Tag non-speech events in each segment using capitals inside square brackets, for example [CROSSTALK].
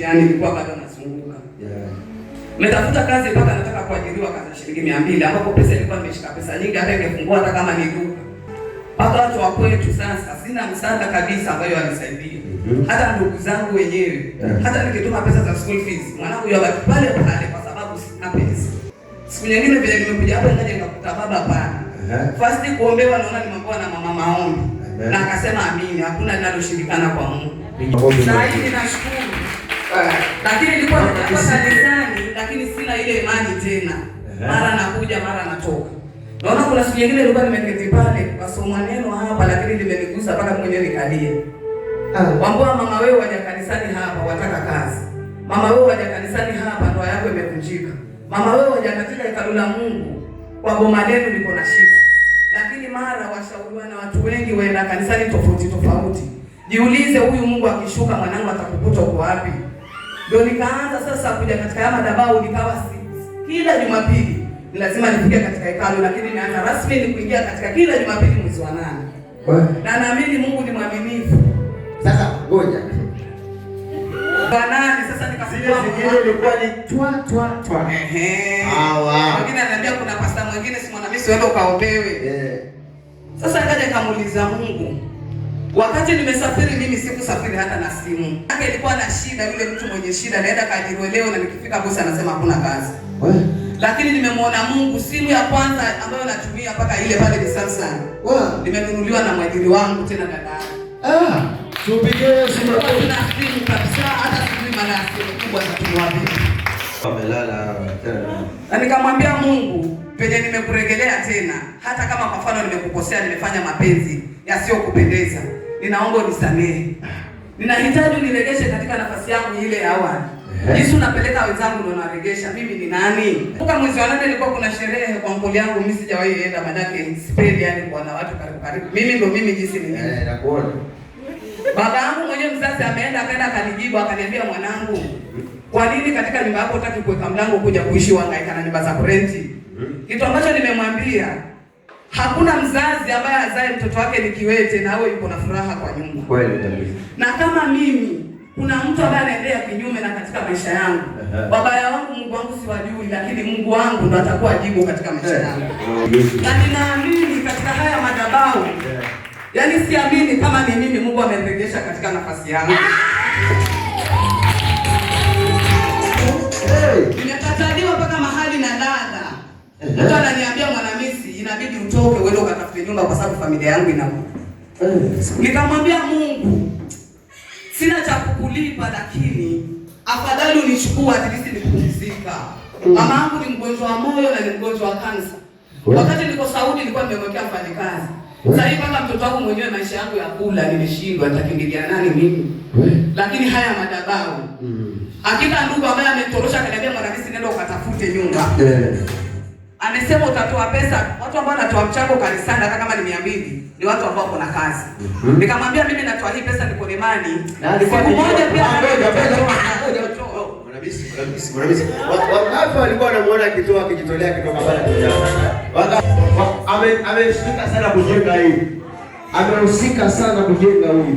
njiani nilikuwa bado nazunguka. Yeah. Nimetafuta kazi mpaka nataka kuajiriwa kazi shilingi 200 ambapo pesa ilikuwa nimeshika pesa nyingi hata ingefungua hata kama ni duka. Hata watu wa kwetu sasa sina msaada kabisa ambayo walisaidia. Mm-hmm. Hata ndugu zangu wenyewe. Hata nikituma pesa za school fees, mwanangu yabaki pale pale kwa sababu sina pesa. Siku nyingine vile nimekuja hapa nikaja nikakuta baba pana. Uh-huh. First kuombewa naona nimeambiwa na mama maombi. Na akasema amini, hakuna linaloshindikana kwa Mungu. Sasa hivi nashukuru Eh, lakini nilikuwa nimepata kanisani, lakini sina ile imani tena, eh. mara nakuja mara natoka. Naona kuna siku nyingine nilikuwa nimeketi pale wasomo neno hapa, lakini limenigusa mpaka mwenyewe nikalia. Ah. Wambua mama wewe waja kanisani hapa wataka kazi, mama wewe waja kanisani hapa ndoa yako imevunjika, mama wewe waja katika hekalu la Mungu kwa boma lenu niko na shida. Lakini mara washauriwa na watu wengi waenda kanisani tofauti tofauti. Jiulize, huyu Mungu akishuka mwanangu atakukuta uko wapi? Ndio nikaanza sasa kuja katika madhabahu, nikawa kila Jumapili ni lazima nifike katika hekalu, lakini naanza rasmi ni kuingia katika kila Jumapili mwezi wa nane, na naamini Mungu ni mwaminifu. Sasa ngoja banani sasa, ni twa twa twa, ehe, hawa kuna pasta mwingine, si mimi wewe ukaombewe. Eh. Sasa nikaja kamuuliza Mungu Wakati nimesafiri mimi sikusafiri hata na simu. Hata ilikuwa na shida, yule mtu mwenye shida naenda kajiro leo, na nikifika bosi anasema hakuna kazi. We? Lakini nimemwona Mungu, simu ya kwanza ambayo natumia mpaka ile pale ni Samsung. Nimenunuliwa na mwajiri wangu tena dada. Ah, Tupige Yesu Na simu kabisa hata sijui maana ya simu kubwa za kunwa Amelala tena. Na nikamwambia Mungu, penye nimekuregelea tena, hata kama kwa mfano nimekukosea, nimefanya mapenzi yasiyokupendeza ninaomba unisamehe, ninahitaji uniregeshe katika nafasi yangu ile ya awali. Eh? Yesu, napeleka wenzangu ndio naregesha, mimi ni nani? Kuka mwezi wa nane ilikuwa kuna sherehe kwa mkoli yangu, mimi sijawahi enda, maanake sipendi yani kwa na watu karibu karibu, mimi ndio mimi jinsi ni mimi. Eh, Baba yangu mwenyewe mzazi ameenda akaenda akanijibu akaniambia, mwanangu, kwa nini katika nyumba yako hutaki kuweka mlango kuja kuishi wangaika na nyumba za kurenti? Hmm? Kitu ambacho nimemwambia Hakuna mzazi ambaye azae mtoto wake ni kiwete na awe yuko na furaha kwa nyumba. Kweli kabisa. Na kama mimi kuna mtu ambaye anaendea kinyume na katika maisha yangu. Wabaya wangu Mungu wangu siwajui, lakini Mungu wangu ndo atakuwa jibu katika maisha yangu. Oh, na ninaamini katika haya madhabahu. Yaani siamini kama ni mimi Mungu amenirejesha katika nafasi yangu. Hey. Nimekataliwa mpaka mahali na dada. Mtu ananiambia mwana inabidi utoke uende ukatafute nyumba kwa sababu familia yangu ina eh. Nikamwambia Mungu, sina cha kukulipa, lakini afadhali unichukua at least nikupumzika. Hmm. Mama yangu ni mgonjwa wa moyo na ni mgonjwa wa kansa. Wakati niko Saudi nilikuwa nimemwekea mfanyakazi. Sasa hivi mpaka mtoto wangu mwenyewe maisha yangu ya kula nimeshindwa, nitakimbilia nani mimi? Lakini haya madhabahu. Hmm. Hakika ndugu ambaye ametorosha akaniambia mwanamisi, nenda ukatafute nyumba. yeah amesema utatoa pesa. Watu ambao wanatoa mchango kanisani hata kama ni mia mbili ni watu ambao kuna kazi. Mhm. Nikamwambia mimi natoa hii pesa, niko imani siku moja pia Wakafu alikuwa anamuona akitoa akijitolea kitoka pale. Amehusika sana kujenga hii, amehusika sana kujenga hii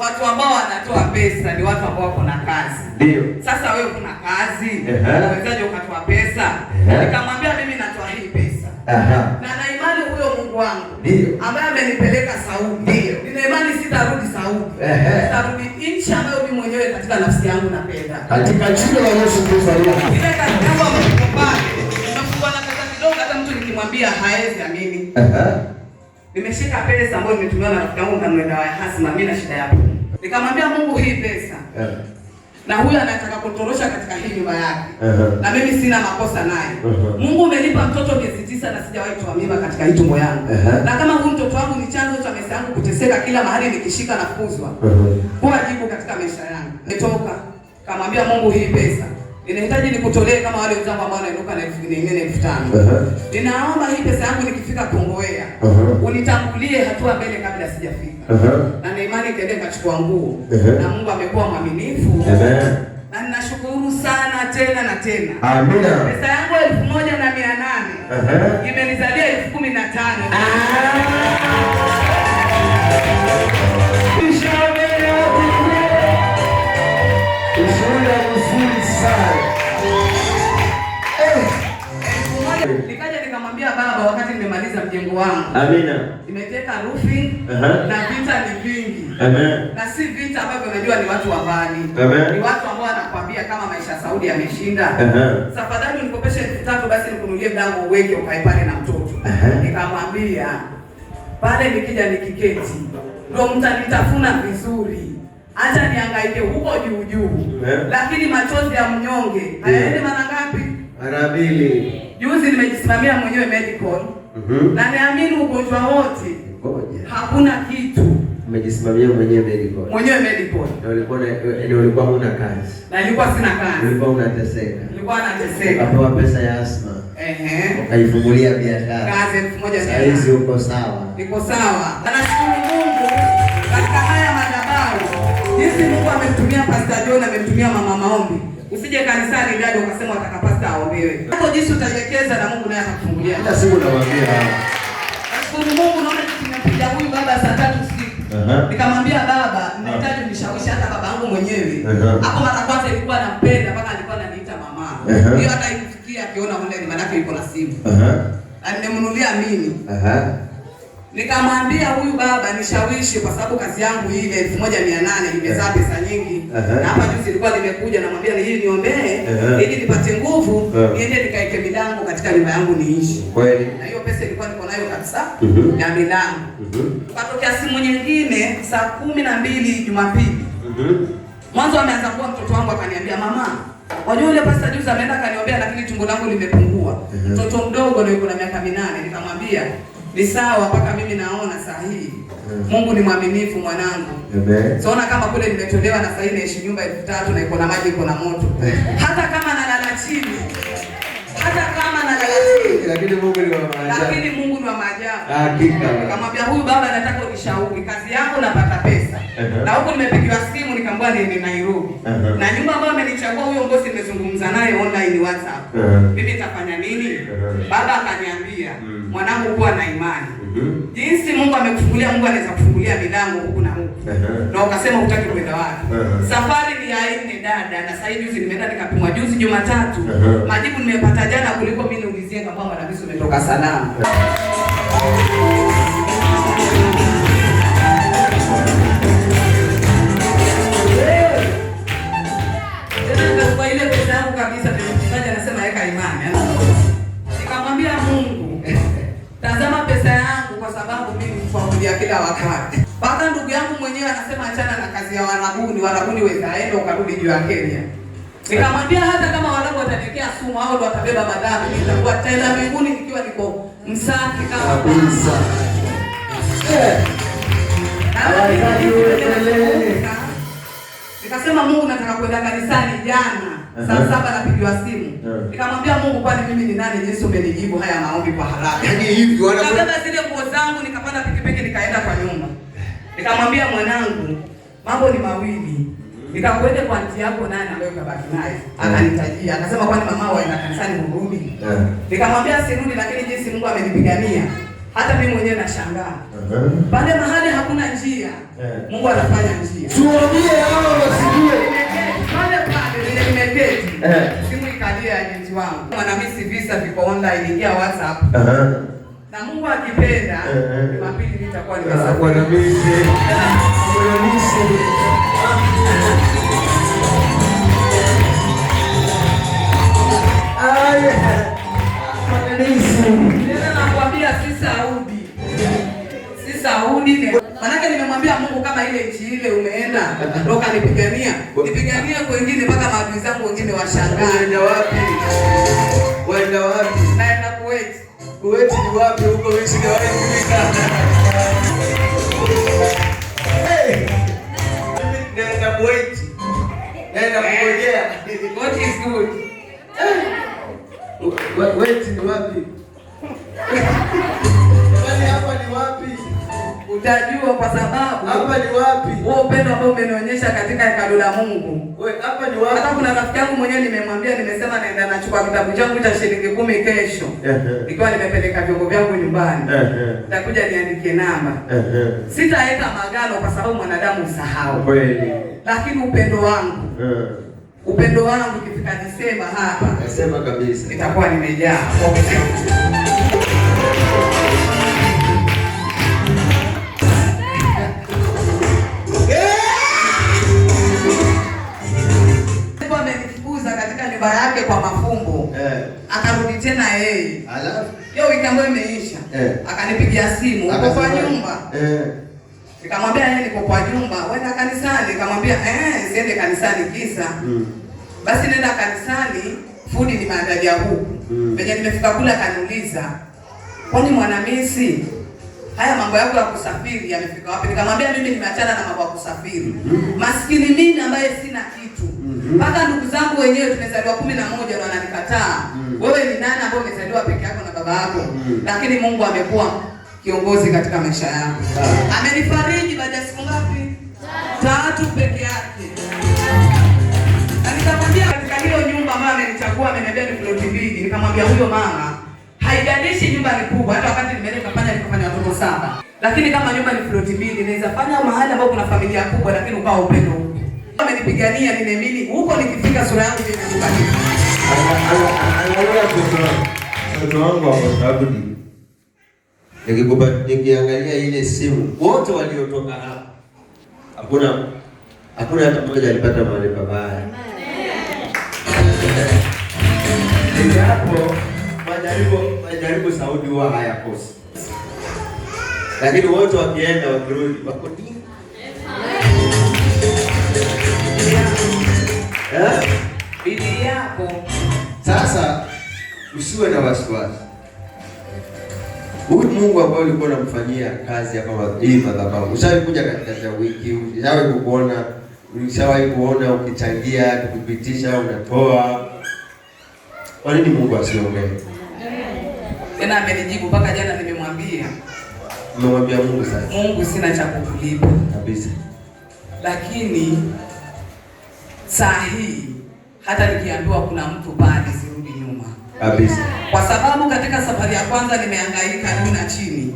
watu ambao wanatoa pesa ni watu ambao wako na kazi. Ndio. Sasa wewe una kazi, unawezaje ukatoa pesa? Nikamwambia mimi natoa hii pesa. Aha. Na na imani huyo Mungu wangu. Ndio. Ambaye amenipeleka Saudi. Ndio. Nina imani sitarudi Saudi. Sitarudi nchi ambayo mimi mwenyewe katika nafsi yangu napenda. Katika jina la Yesu Kristo. Ile kazi yangu ambayo Na kwa na kaza kidogo hata mtu nikimwambia haezi amini. Aha. Nimeshika pesa ambayo nimetumiwa na rafiki yangu kanunua dawa ya asma mimi na shida yapo. Nikamwambia Mungu hii pesa yeah. na huyu anataka kutorosha katika hii nyumba yake uh eh. -huh. na mimi sina makosa naye uh eh. -huh. Mungu umenipa mtoto miezi tisa na sijawahi toa mimba katika hii tumbo yangu uh eh. -huh. na kama huyu mtoto wangu ni chanzo cha maisha yangu kuteseka, kila mahali nikishika na kuzwa uh -huh. kuwa jibu katika maisha yangu, nitoka kamwambia Mungu hii pesa inahitaji nikutolee kama wale wenzangu ambao wanainuka na elfu nyingine na elfu tano. Ninaomba hii pesa yangu nikifika Kongowea unitangulie hatua mbele kabla sijafika, na na imani kachukua nguo, na Mungu amekuwa mwaminifu na ninashukuru sana tena na tena. Amina. Pesa yangu elfu moja na mia nane imenizalia elfu kumi na tano. Ah. Nikaja nikamwambia baba, wakati nimemaliza mjengo wangu, amina, nimeteka rufi na vita ni vingi, na si vita ambavyo unajua ni watu wa mbali, ni watu ambao wanakuambia kama Maisha Saudi yameshinda tafadhali unikopeshe elfu tatu basi nikununulie mlango uweke ukae pale na mtoto. Nikamwambia pale nikija nikiketi ndo mtanitafuna vizuri acha niangaike huko juu juu, eh? lakini machozi ya mnyonge hayaendi mara ngapi? Mara mbili. Juzi nimejisimamia mwenyewe medical mhm. na niamini ugonjwa wote hakuna kitu umejisimamia mwenyewe medical mwenyewe medical. Na ulikuwa ndio ulikuwa huna kazi, na nilikuwa sina kazi, nilikuwa unateseka, nilikuwa nateseka, ukapewa pesa ya asma, ehe, ukaifungulia biashara, kazi elfu moja. Sasa hizi uko sawa, niko sawa, na nashukuru Mungu katika Jinsi Mungu amemtumia Pastor John, amemtumia mama maombi. Usije kanisani dada ukasema wataka pasta aombewe. Hapo jinsi utaelekeza na Mungu naye atakufungulia. Hata siku nawaambia. Nashukuru Mungu naona tumepiga huyu baba saa tatu usiku. Nikamwambia baba, ninahitaji ah. nishawishi hata baba yangu mwenyewe. Hapo mara kwanza ilikuwa nampenda mpaka alikuwa ananiita mama. Hiyo hata ikifikia akiona online maana yake yuko na simu. Na nimemnunulia mimi. Nikamwambia huyu baba nishawishi, kwa sababu kazi yangu ile elfu moja mia nane imezaa eh. pesa nyingi uh eh. -huh. na hapa juzi nilikuwa nimekuja, namwambia ni hii niombee uh eh. -huh. ili nipate nguvu uh -huh. niende nikaeke milango katika nyumba yangu niishi kweli, na hiyo pesa ilikuwa niko nayo kabisa uh mhm. -huh. na milango uh mhm. -huh. katokea simu nyingine saa kumi na mbili Jumapili uh mhm. -huh. mwanzo ameanza kuwa mtoto wangu akaniambia, mama Wajua yule pasta juzi ameenda kaniombea, lakini tumbo langu limepungua. Mtoto mm -hmm. mdogo ndio yuko na miaka minane. Nikamwambia ni sawa mpaka mimi naona sahihi. Eh. Mungu ni mwaminifu mwanangu. Amen. Siona kama kule nimetolewa na sahihi naishi nyumba elfu tatu na iko na maji iko na moto. Eh. Hata kama nalala chini. Hata kama nalala eh, chini. Lakini Mungu ni wa maajabu. Lakini Mungu ni wa maajabu. Hakika. pia huyu baba, anataka unishauri kazi yako napata pesa. Uh-huh. na huko nimepigiwa simu nikaambiwa ni Nairobi uh-huh. na nyumba ambayo amenichagua huyo ngosi, nimezungumza naye online WhatsApp, uh-huh. mimi nitafanya nini? Baba akaniambia mm. mwanangu, kuwa na imani mm-hmm. jinsi Mungu amekufungulia. Mungu anaweza kufungulia milango huku na huku, na ukasema hutaki kwenda wapi? Safari ni ya dada, na sasa hivi juzi nimeenda nikapimwa juzi Jumatatu, majibu nimepata jana kuliko mimi niulizie, kwamba mwanamisi umetoka salama mji wa Kenya. Nikamwambia hata kama wanangu watanekea sumu au watabeba madhambi, nitakuwa tena mbinguni nikiwa niko msafi kama ah, kabisa. Eh. Nikasema Mungu, nataka kwenda kanisani jana saa saba napigiwa simu. Nikamwambia Mungu, kwani mimi ni nani Yesu umenijibu haya maombi kwa haraka? Yaani hivi wana Nikabeba zile nguo zangu nikapanda pikipiki nikaenda kwa nyumba. Nikamwambia mwanangu, mambo ni mawili. Nikakwende kwa nti yako nani ambayo kabaki naye. Eh. Akanitajia, akasema kwani mama waenda kanisani hurudi? Eh. Nikamwambia sirudi, lakini jinsi Mungu amenipigania hata mimi mwenyewe nashangaa. Pale mahali hakuna njia, eh. Mungu anafanya njia. tuombie hao wasikie. Pale pale nimeketi. Simu ikalia ajenti binti wangu. Mwanamisi visa viko online, ingia WhatsApp. Na Mungu akipenda, Jumapili nitakuwa ah, nimesafiri. Mwanamisi. Mwanamisi. [LAUGHS] Mungu nime manake nimemwambia Mungu kama ile nchi ile umeenda roka [LAUGHS] nipigania nipigania kwengine mpaka maadui zangu wengine washangaa. Waenda wapi? Waenda wapi? Naenda Kuwait. Kuwait ni wapi huko wewe sijawahi kufika. Naenda Kuwait. Naenda kungojea. What is good? Kuwait ni wapi? utajua kwa sababu hapa ni wapi wewe upendo ambao umenionyesha katika hekalu la Mungu. Wewe hapa ni wapi? Hata kuna rafiki yangu mwenyewe nimemwambia, nimesema naenda nachukua kitabu changu cha shilingi kumi kesho nikiwa nimepeleka vyombo vyangu nyumbani, nitakuja niandike namba. Sitaweka magano kwa sababu mwanadamu usahau kweli, lakini upendo wangu upendo wangu kifika nisema hapa, nasema kabisa nitakuwa nimejaa yeye. Alafu hiyo wiki ambayo imeisha eh, akanipigia simu uko kwa nyumba eh. Nikamwambia yeye niko kwa nyumba, wenda kanisani. Nikamwambia eh, siende kanisani kisa mm. Basi nenda kanisani, fudi ni maandalia huku mm. Venye nimefika kule akaniuliza, kwani mwanamisi haya mambo yako ya kusafiri yamefika wapi? Nikamwambia mimi nimeachana na mambo ya kusafiri mm -hmm. Maskini mimi ambaye sina kitu mm-hmm. mpaka mm -hmm. Ndugu zangu wenyewe tumezaliwa kumi na moja na wananikataa mm -hmm. Wewe ni nani ambaye umezaliwa peke yako na baba yako, mm. lakini Mungu amekuwa kiongozi katika maisha yako. Ah. Amenifariji baada ya siku ngapi? Tatu peke yake. Nikakwambia katika hiyo nyumba ambayo amenichagua ameniambia ni Flow mbili. nikamwambia huyo mama, haijalishi nyumba ni kubwa, hata wakati nimeleka kufanya nikafanya watoto saba, lakini kama nyumba ni Flow mbili ninaweza fanya mahali ambapo kuna familia kubwa, lakini ukawa upendo. Amenipigania, nimeamini huko nikifika sura yangu ndio inabadilika. Mtoto wangu nikiangalia ile simu, wote waliotoka hapa hakuna hakuna hata mmoja alipata mahali pabaya, ijapo majaribu majaribu Saudi huwa hayakosi, lakini wote wakienda wakirudi wako eh? bidii yako sasa usiwe na wasiwasi. Huyu Mungu ambaye ulikuwa unamfanyia kazi hapa hii madhabahu, ushawahi kuja katika cha wiki, ushawahi kukuona, ushawahi kuona ukichangia, kupitisha, unatoa. Kwa nini Mungu asiongee? Tena amenijibu mpaka jana nimemwambia. Nimemwambia Mungu sasa. Mungu sina cha kukulipa kabisa. Lakini saa hii hata nikiambiwa kuna mtu pale sirudi nyuma kabisa, kwa sababu katika safari ya kwanza nimehangaika juu na chini,